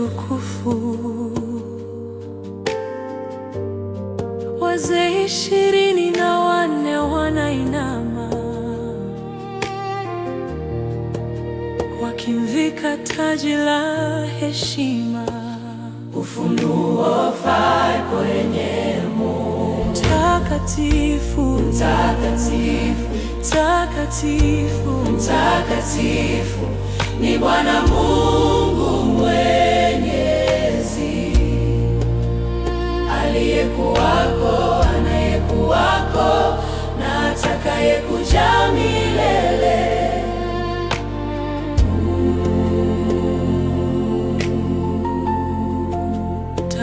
utukufu. Wazee ishirini na wanne wanainama wakimvika taji la heshima. Ufunuo kwenye Mtakatifu, Mtakatifu, Mtakatifu, Mtakatifu ni Bwana Mungu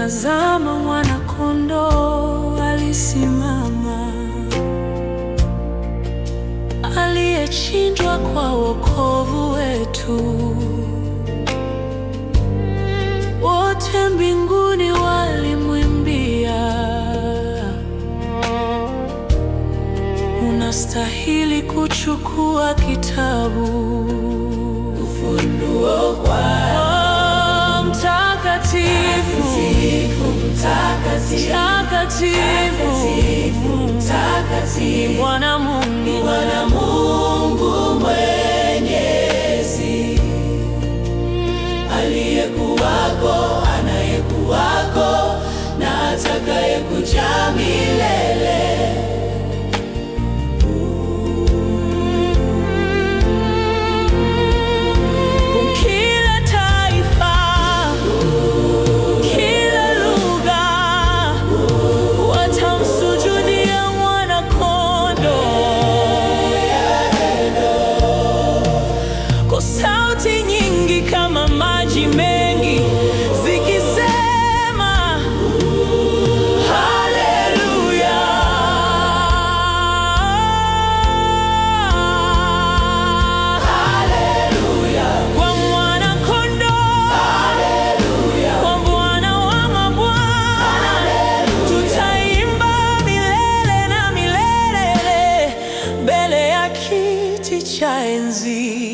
Tazama, mwanakondoo alisimama, aliyechinjwa kwa wokovu wetu. Wote mbinguni walimwimbia, unastahili kuchukua kitabu Ufunuo kwa Mtakatifu, Mtakatifu, Bwana Mungu matamshi mengi zikisema haleluya. Kwa mwana kondoo, kwa Bwana wa mabwana, tutaimba milele na milele mbele ya kiti cha enzi.